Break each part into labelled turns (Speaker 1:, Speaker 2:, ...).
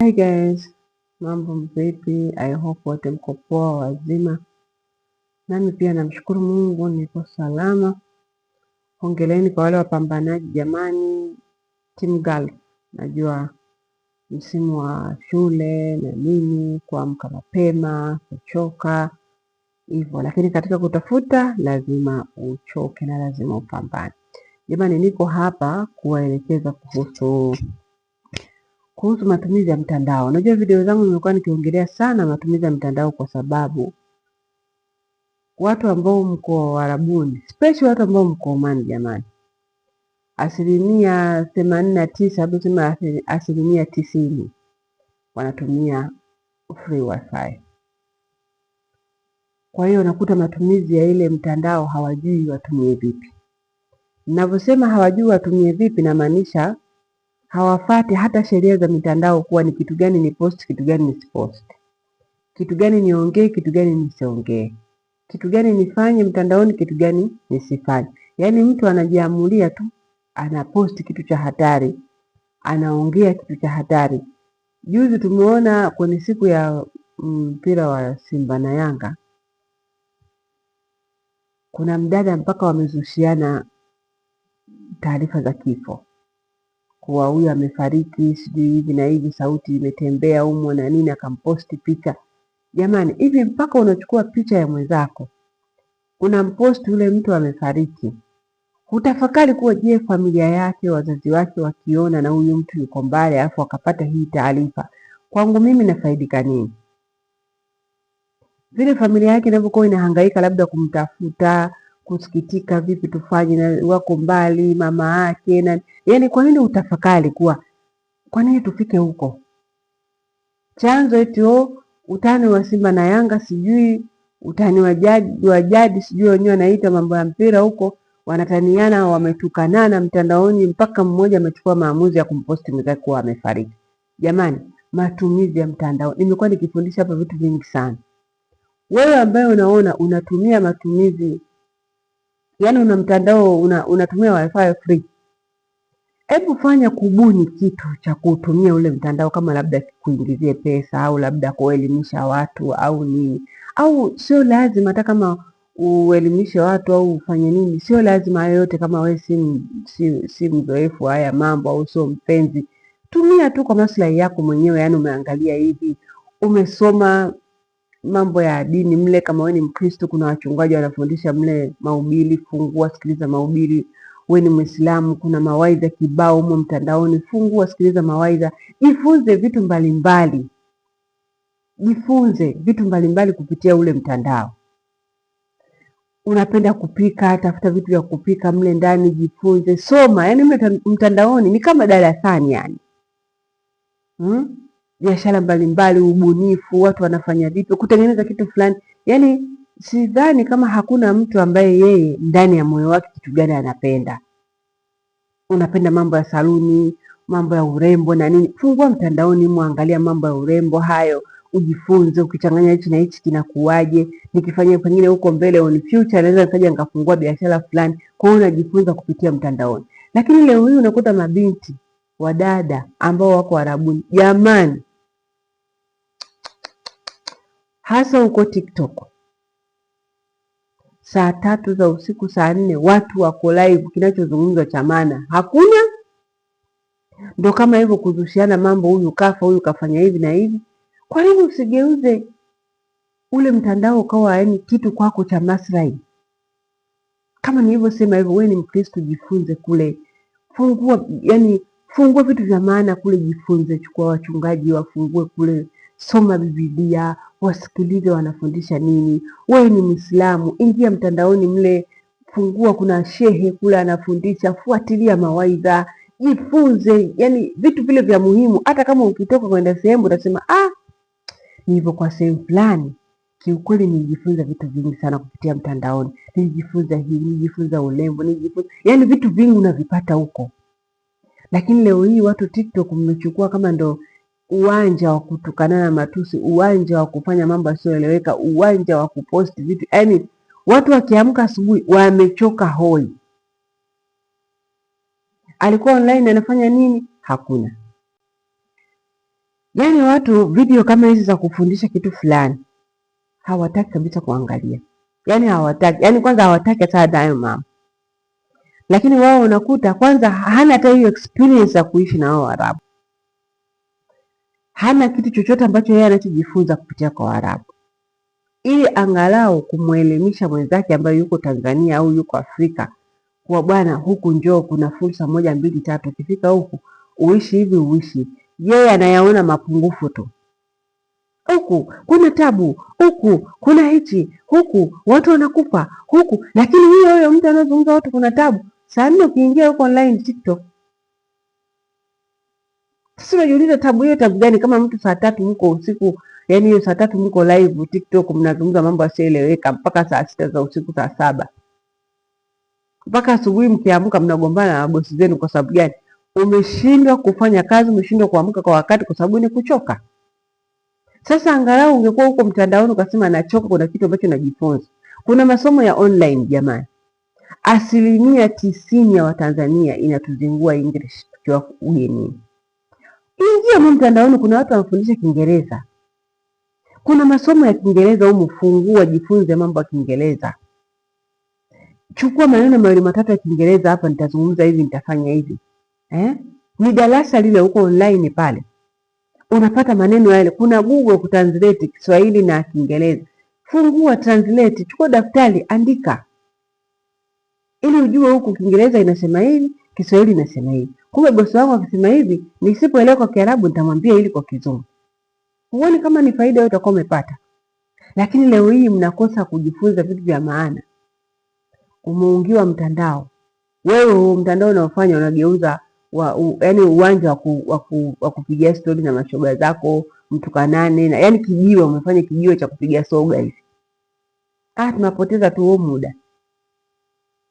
Speaker 1: Hi guys, mambo mvipi? I hope wote mko poa wazima, nami pia namshukuru Mungu niko salama. Hongereni kwa wale wapambanaji jamani, team Girl. Najua msimu wa shule na nini, kuamka mapema, kuchoka hivyo, lakini katika kutafuta lazima uchoke na lazima upambane. Jamani, niko hapa kuwaelekeza kuhusu kuhusu matumizi ya mtandao. Unajua video zangu nimekuwa nikiongelea sana matumizi ya mtandao kwa sababu watu ambao mko Warabuni, especially watu ambao mko Oman, jamani, asilimia themanini na tisa au sema asilimia tisini wanatumia free wifi. Kwa hiyo unakuta matumizi ya ile mtandao hawajui watumie vipi. Ninavyosema hawajui watumie vipi, namaanisha hawafati hata sheria za mitandao kuwa ni kitu gani ni post, kitu gani post, kitu gani niongee, kitu gani nisiongee, kitu gani nifanye mtandaoni, kitu gani nisifanye. Yaani mtu anajiamulia tu, anaposti kitu cha hatari, anaongea kitu cha hatari. Juzi tumeona kwenye siku ya mm, mpira wa Simba na Yanga, kuna mdada mpaka wamezushiana taarifa za kifo kuwa huyu amefariki, sijui hivi na hivi, sauti imetembea humo na nini, akamposti picha. Jamani, hivi mpaka unachukua picha ya mwenzako unamposti yule mtu amefariki, utafakari kuwa je, familia yake, wazazi wake wakiona na huyu mtu yuko mbali, alafu akapata hii taarifa, kwangu mimi nafaidika nini? Vile familia yake inavyokuwa inahangaika labda kumtafuta kusikitika, vipi tufanye na wako mbali, mama yake na yani kwa nini utafakari kuwa kwa nini tufike huko? Chanzo eti o oh, utani wa Simba na Yanga, sijui utani wa jadi wa jadi, sijui wenyewe wanaita mambo ya mpira huko, wanataniana wametukanana mtandaoni, mpaka mmoja amechukua maamuzi ya kumpost mzee kuwa amefariki. Jamani, matumizi ya mtandao, nimekuwa nikifundisha hapa vitu vingi sana. Wewe ambaye unaona unatumia matumizi yani una mtandao una, unatumia wifi free. Hebu fanya kubuni kitu cha kutumia ule mtandao, kama labda kuingizie pesa au labda kuelimisha watu au nini, au sio lazima hata kama uelimishe watu au ufanye nini, sio lazima hayo yote. Kama wewe si, si, si mzoefu haya mambo au sio mpenzi, tumia tu kwa maslahi yako mwenyewe, yani umeangalia hivi, umesoma mambo ya dini mle, kama wewe ni Mkristo, kuna wachungaji wanafundisha mle maubili fungua sikiliza maubili Wewe ni Mwislamu, kuna mawaidha kibao humo mtandaoni, fungua sikiliza mawaidha. Jifunze vitu mbalimbali, jifunze vitu mbalimbali kupitia ule mtandao. Unapenda kupika, tafuta vitu vya kupika mle ndani, jifunze, soma. Yani mle mtandaoni ni kama darasani yani, hmm? biashara mbalimbali, ubunifu, watu wanafanya vipi, kutengeneza kitu fulani. Yani sidhani kama hakuna mtu ambaye yeye ndani ya moyo wake kitu gani anapenda. Unapenda mambo ya saluni, mambo ya urembo na nini, fungua mtandaoni, muangalia mambo ya urembo hayo, ujifunze. Ukichanganya hichi na hichi kinakuaje? Nikifanya pengine huko mbele, on future, naweza nikaja nikafungua biashara fulani. Kwa hiyo unajifunza kupitia mtandaoni, lakini leo hii unakuta mabinti wadada ambao wako Arabuni, jamani hasa huko TikTok saa tatu za usiku, saa nne watu wako live, kinachozungumzwa cha maana hakuna. Ndo kama hivyo kuzushiana mambo, huyu kafa, huyu kafanya hivi na hivi. Kwa nini usigeuze ule mtandao ukawa yani kitu kwako cha maslahi? Kama nilivyosema hivyo, wewe ni Mkristo, jifunze kule, fungua yani, fungua vitu vya maana kule, jifunze, chukua wachungaji wafungue kule, soma Biblia, wasikilize wanafundisha nini. Wewe ni Mwislamu, ingia mtandaoni mle, fungua, kuna shehe kule anafundisha, fuatilia mawaidha, jifunze, yani vitu vile vya muhimu. Hata kama ukitoka kwenda sehemu utasema ah, nilivyokuwa sehemu fulani Kiukweli nilijifunza vitu vingi sana kupitia mtandaoni. Nilijifunza hii, nilijifunza urembo, nilijifunza yani vitu vingi unavipata huko. Lakini leo hii watu TikTok mmechukua kama ndo uwanja wa kutukana na matusi, uwanja wa kufanya mambo yasiyoeleweka, uwanja wa kuposti vitu. Yaani watu wakiamka asubuhi wamechoka hoi. Alikuwa online anafanya nini? Hakuna. Yaani watu video kama hizi za kufundisha kitu fulani hawataki kabisa kuangalia, yaani hawataki, yaani kwanza hawataki hata adayo mama, lakini wao unakuta kwanza hana hata hiyo experience ya kuishi na wao Arabu hana kitu chochote ambacho yeye anachojifunza kupitia kwa Waarabu, ili angalau kumwelimisha mwenzake ambaye yuko Tanzania au yuko Afrika kuwa bwana, huku njoo, kuna fursa moja mbili tatu, ukifika huku uishi hivi uishi. Yeye anayaona mapungufu tu, huku kuna tabu, huku kuna hichi, huku watu wanakupa huku, lakini huyo huyo mtu anazungumza watu kuna tabu. Saa nne ukiingia huko online TikTok sisi unajiuliza tabu hiyo tabu gani? Kama mtu saa tatu mko usiku, yani hiyo saa tatu mko live TikTok mnazungumza mambo yasiyoeleweka mpaka saa sita za usiku, saa saba mpaka asubuhi, mkiamka mnagombana na bosi zenu. Kwa sababu gani? Umeshindwa kufanya kazi, umeshindwa kuamka kwa wakati kwa sababu ni kuchoka. Sasa angalau ungekuwa huko mtandaoni ukasema nachoka, kuna kitu ambacho najifunza. Kuna masomo ya online jamani. Asilimia tisini ya Watanzania inatuzingua English tukiwa ugenini. Pia humu mtandaoni kuna watu wanafundisha Kiingereza, kuna masomo ya Kiingereza humu. Fungua, jifunze mambo ya Kiingereza. Chukua maneno mawili matatu ya Kiingereza, hapa nitazungumza hivi, nitafanya hivi eh? Ni darasa lile huko online pale, unapata maneno yale. Kuna Google kutranslate Kiswahili na Kiingereza. Fungua translate, chukua daftari, andika ili ujue huku Kiingereza inasema hivi Kiswahili nasema hivi. Kumbe bosi wangu akisema hivi, nisipoelewa kwa Kiarabu nitamwambia ili kwa Kizungu. Huoni kama ni faida utakuwa umepata? Lakini leo hii mnakosa kujifunza vitu vya maana. Umeungiwa mtandao, wewe huo mtandao unaofanya unageuza wa, u, yani uwanja wa wa kupigia stori na mashoga zako mtukanane na yani kijiwe, umefanya kijiwe cha kupiga soga hivi. Ah, tunapoteza tu huo muda.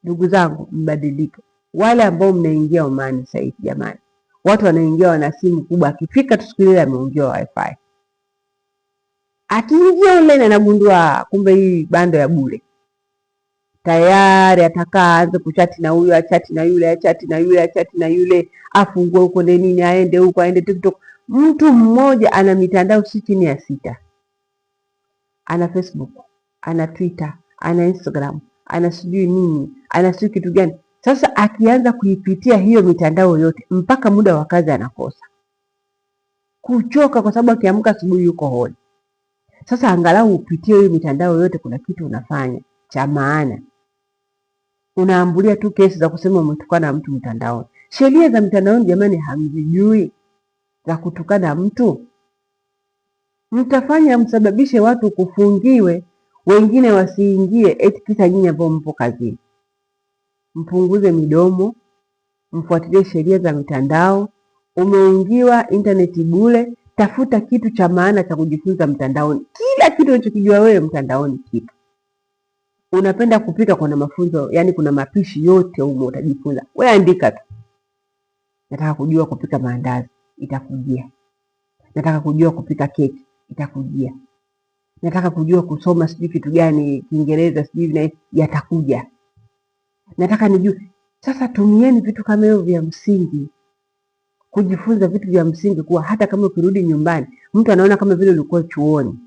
Speaker 1: Ndugu zangu, mbadilike wale ambao mnaingia Omani sasa hivi jamani, watu wanaingia wana simu kubwa, akifika tu siku ile ameongewa wifi, akiingia online anagundua kumbe hii bando ya bure tayari. Atakaa aanze kuchati na huyo achati na yule achati na yule achati na yule, afungue huko nde nini, aende huko aende TikTok. Mtu mmoja ana mitandao si chini ya sita, ana Facebook, ana Twitter, ana Instagram, ana sijui nini, ana sijui kitu gani sasa akianza kuipitia hiyo mitandao yote mpaka muda wa kazi anakosa kuchoka, kwa sababu akiamka asubuhi yuko hodi. Sasa angalau upitie hiyo mitandao yote, kuna kitu unafanya cha maana. Unaambulia tu kesi za kusema umetukana mtu mtandaoni. Sheria za mtandaoni jamani, hamzijui za kutukana mtu? Mtafanya msababishe watu kufungiwe, wengine wasiingie, eti kisa nyinyi ambao mpo kazini mpunguze midomo, mfuatilie sheria za mitandao. Umeingiwa intaneti bure, tafuta kitu cha maana cha kujifunza mtandaoni. Kila kitu unachokijua wewe mtandaoni kipo. Unapenda kupika, kuna mafunzo, yani kuna mapishi yote humo utajifunza. Wewe andika tu, nataka kujua kupika maandazi, itakujia. Nataka kujua kupika keki, itakujia. Nataka kujua kusoma sijui kitu gani, Kiingereza sijui, yatakuja nataka nijue. Sasa tumieni vitu kama hivyo vya msingi kujifunza vitu vya msingi, kuwa hata kama ukirudi nyumbani mtu anaona kama vile ulikuwa chuoni,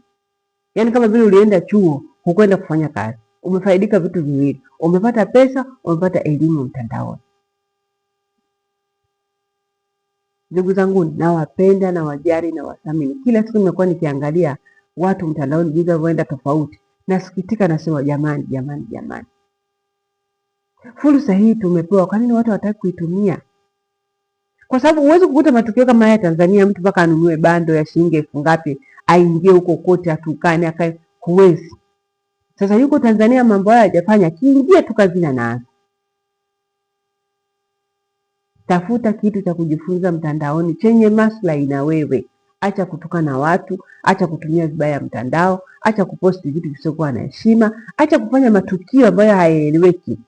Speaker 1: yaani kama vile ulienda chuo, hukwenda kufanya kazi. Umefaidika vitu viwili, umepata pesa, umepata elimu mtandaoni. Ndugu zangu, nawapenda na wajali na Kila siku nimekuwa nikiangalia watu mtandaoni jinsi wanavyoenda tofauti, nasikitika, nasema jamani, jamani, jamani. Fursa hii tumepewa, kwa nini watu hawataki kuitumia? Kwa sababu huwezi kukuta matukio kama haya Tanzania, mtu mpaka anunue bando ya shilingi elfu ngapi aingie huko kote atukane akae, huwezi. Sasa yuko Tanzania mambo haya hajafanya, kiingia tu kazini anaanza. Tafuta kitu cha kujifunza mtandaoni chenye maslahi na wewe. Acha kutukana watu, acha kutumia vibaya mtandao, acha kuposti vitu visivyokuwa na heshima, acha kufanya matukio ambayo hayaeleweki.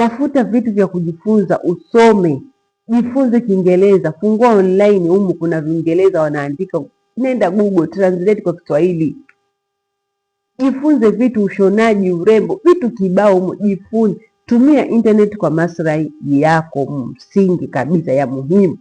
Speaker 1: Tafuta vitu vya kujifunza, usome, jifunze Kiingereza, fungua online humu, kuna Viingereza wanaandika, nenda Google translate kwa Kiswahili, jifunze vitu, ushonaji, urembo, vitu kibao humu, jifunze. Tumia internet kwa maslahi yako msingi kabisa ya muhimu.